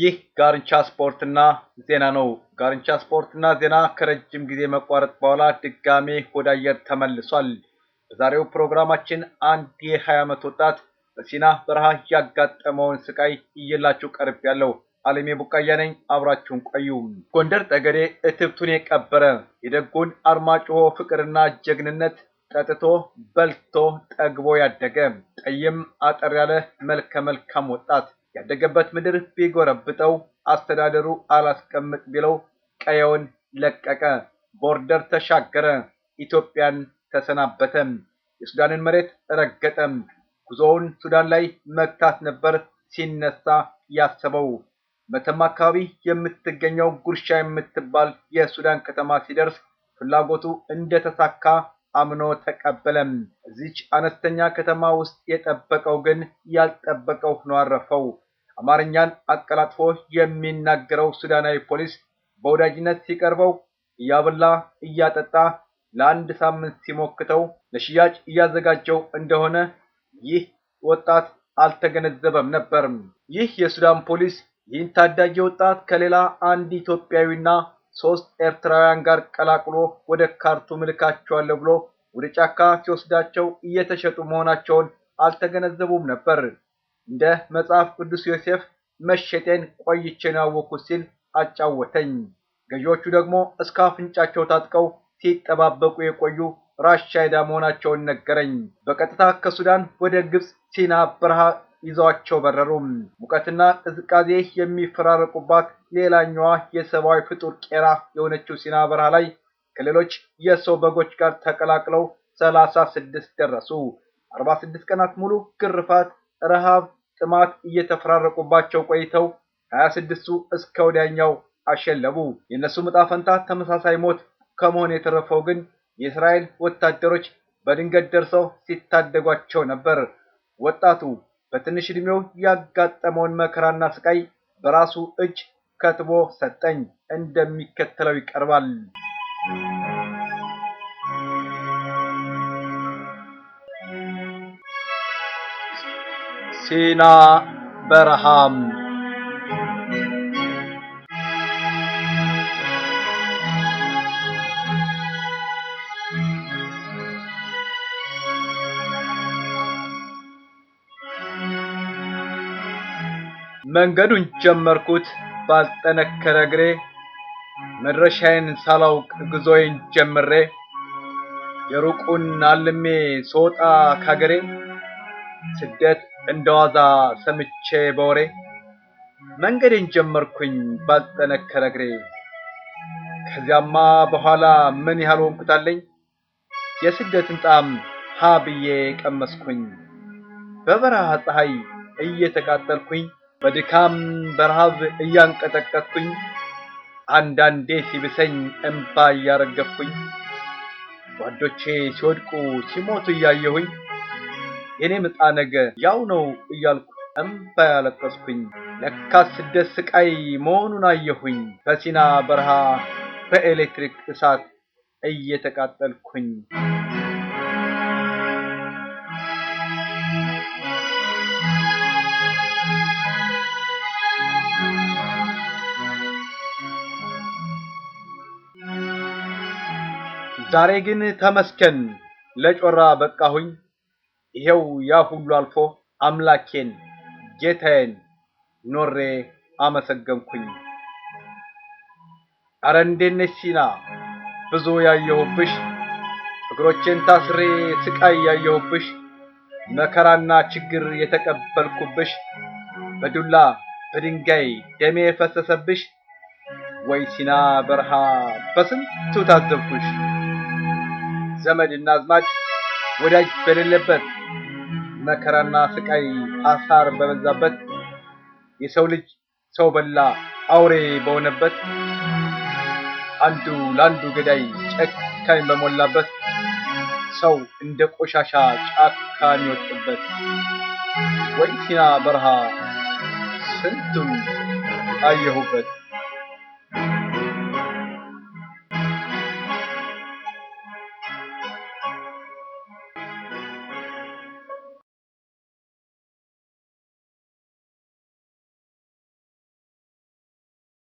ይህ ጋርንቻ ስፖርትና ዜና ነው። ጋርንቻ ስፖርትና ዜና ከረጅም ጊዜ መቋረጥ በኋላ ድጋሜ ወደ አየር ተመልሷል። በዛሬው ፕሮግራማችን አንድ የ20 ዓመት ወጣት በሲና በረሃ ያጋጠመውን ስቃይ እየላችሁ ቀርብ ያለው አለሜ ቡቃያ ነኝ። አብራችሁን ቆዩ። ጎንደር ጠገዴ እትብቱን የቀበረ የደጉን አርማጭሆ ፍቅርና ጀግንነት ጠጥቶ በልቶ ጠግቦ ያደገ ጠይም አጠር ያለ መልከ መልካም ወጣት ያደገበት ምድር ቢጎረብጠው አስተዳደሩ አላስቀምጥ ቢለው ቀየውን ለቀቀ፣ ቦርደር ተሻገረ፣ ኢትዮጵያን ተሰናበተ፣ የሱዳንን መሬት ረገጠ። ጉዞውን ሱዳን ላይ መግታት ነበር ሲነሳ ያሰበው። መተማ አካባቢ የምትገኘው ጉርሻ የምትባል የሱዳን ከተማ ሲደርስ ፍላጎቱ እንደተሳካ አምኖ ተቀበለም። እዚች አነስተኛ ከተማ ውስጥ የጠበቀው ግን ያልጠበቀው ሆኖ አረፈው። አማርኛን አቀላጥፎ የሚናገረው ሱዳናዊ ፖሊስ በወዳጅነት ሲቀርበው እያበላ እያጠጣ ለአንድ ሳምንት ሲሞክተው ለሽያጭ እያዘጋጀው እንደሆነ ይህ ወጣት አልተገነዘበም ነበር። ይህ የሱዳን ፖሊስ ይህን ታዳጊ ወጣት ከሌላ አንድ ኢትዮጵያዊና ሶስት ኤርትራውያን ጋር ቀላቅሎ ወደ ካርቱም ልካቸዋለሁ ብሎ ወደ ጫካ ሲወስዳቸው እየተሸጡ መሆናቸውን አልተገነዘቡም ነበር። እንደ መጽሐፍ ቅዱስ ዮሴፍ መሸጤን ቆይቼን ያወቅኩት ሲል አጫወተኝ። ገዢዎቹ ደግሞ እስከ አፍንጫቸው ታጥቀው ሲጠባበቁ የቆዩ ራሻይዳ መሆናቸውን ነገረኝ። በቀጥታ ከሱዳን ወደ ግብፅ ሲና በረሃ ይዘዋቸው በረሩ። ሙቀትና ቅዝቃዜ የሚፈራረቁባት ሌላኛዋ የሰብአዊ ፍጡር ቄራ የሆነችው ሲና በረሃ ላይ ከሌሎች የሰው በጎች ጋር ተቀላቅለው ሰላሳ ስድስት ደረሱ። 46 ቀናት ሙሉ ግርፋት፣ ረሃብ፣ ጥማት እየተፈራረቁባቸው ቆይተው 26 ቱ እስከ ወዲያኛው አሸለቡ። የእነሱ ዕጣ ፈንታ ተመሳሳይ ሞት ከመሆን የተረፈው ግን የእስራኤል ወታደሮች በድንገት ደርሰው ሲታደጓቸው ነበር። ወጣቱ በትንሽ ዕድሜው ያጋጠመውን መከራና ስቃይ በራሱ እጅ ከትቦ ሰጠኝ። እንደሚከተለው ይቀርባል። ሲና በረሃም መንገዱን ጀመርኩት ባልጠነከረ እግሬ መድረሻዬን ሳላውቅ ጉዞዬን ጀምሬ የሩቁን አልሜ ስወጣ ካገሬ ስደት እንደዋዛ ሰምቼ በወሬ መንገዴን ጀመርኩኝ ባልጠነከረ እግሬ። ከዚያማ በኋላ ምን ያህል ወንኩታለኝ የስደትን ጣዕም ሀ ብዬ ቀመስኩኝ። በበረሃ ፀሐይ እየተቃጠልኩኝ በድካም በረሃብ እያንቀጠቀጥኩኝ አንዳንዴ ሲብሰኝ እንባ እያረገፍኩኝ ጓዶቼ ሲወድቁ ሲሞቱ እያየሁኝ የኔ ምጣ ነገ ያው ነው እያልኩ እምባ ያለቀስኩኝ ለካ ስደት ስቃይ መሆኑን አየሁኝ። በሲና በረሃ በኤሌክትሪክ እሳት እየተቃጠልኩኝ ዛሬ ግን ተመስገን ለጮራ በቃሁኝ። ይሄው ያ ሁሉ አልፎ አምላኬን ጌታዬን ኖሬ አመሰገንኩኝ። አረ እንዴት ነሽ ሲና ብዙ ያየሁብሽ፣ እግሮቼን ታስሬ ስቃይ ያየሁብሽ፣ መከራና ችግር የተቀበልኩብሽ፣ በዱላ በድንጋይ ደሜ የፈሰሰብሽ፣ ወይ ሲና በረሃ በስንቱ ታዘብኩሽ። ዘመድና አዝማድ ወዳጅ በሌለበት መከራና ስቃይ አሳር በበዛበት የሰው ልጅ ሰው በላ አውሬ በሆነበት አንዱ ለአንዱ ገዳይ ጨካኝ በሞላበት ሰው እንደ ቆሻሻ ጫካ የሚወጥበት ወይ ሲና በረሃ ስንቱን አየሁበት።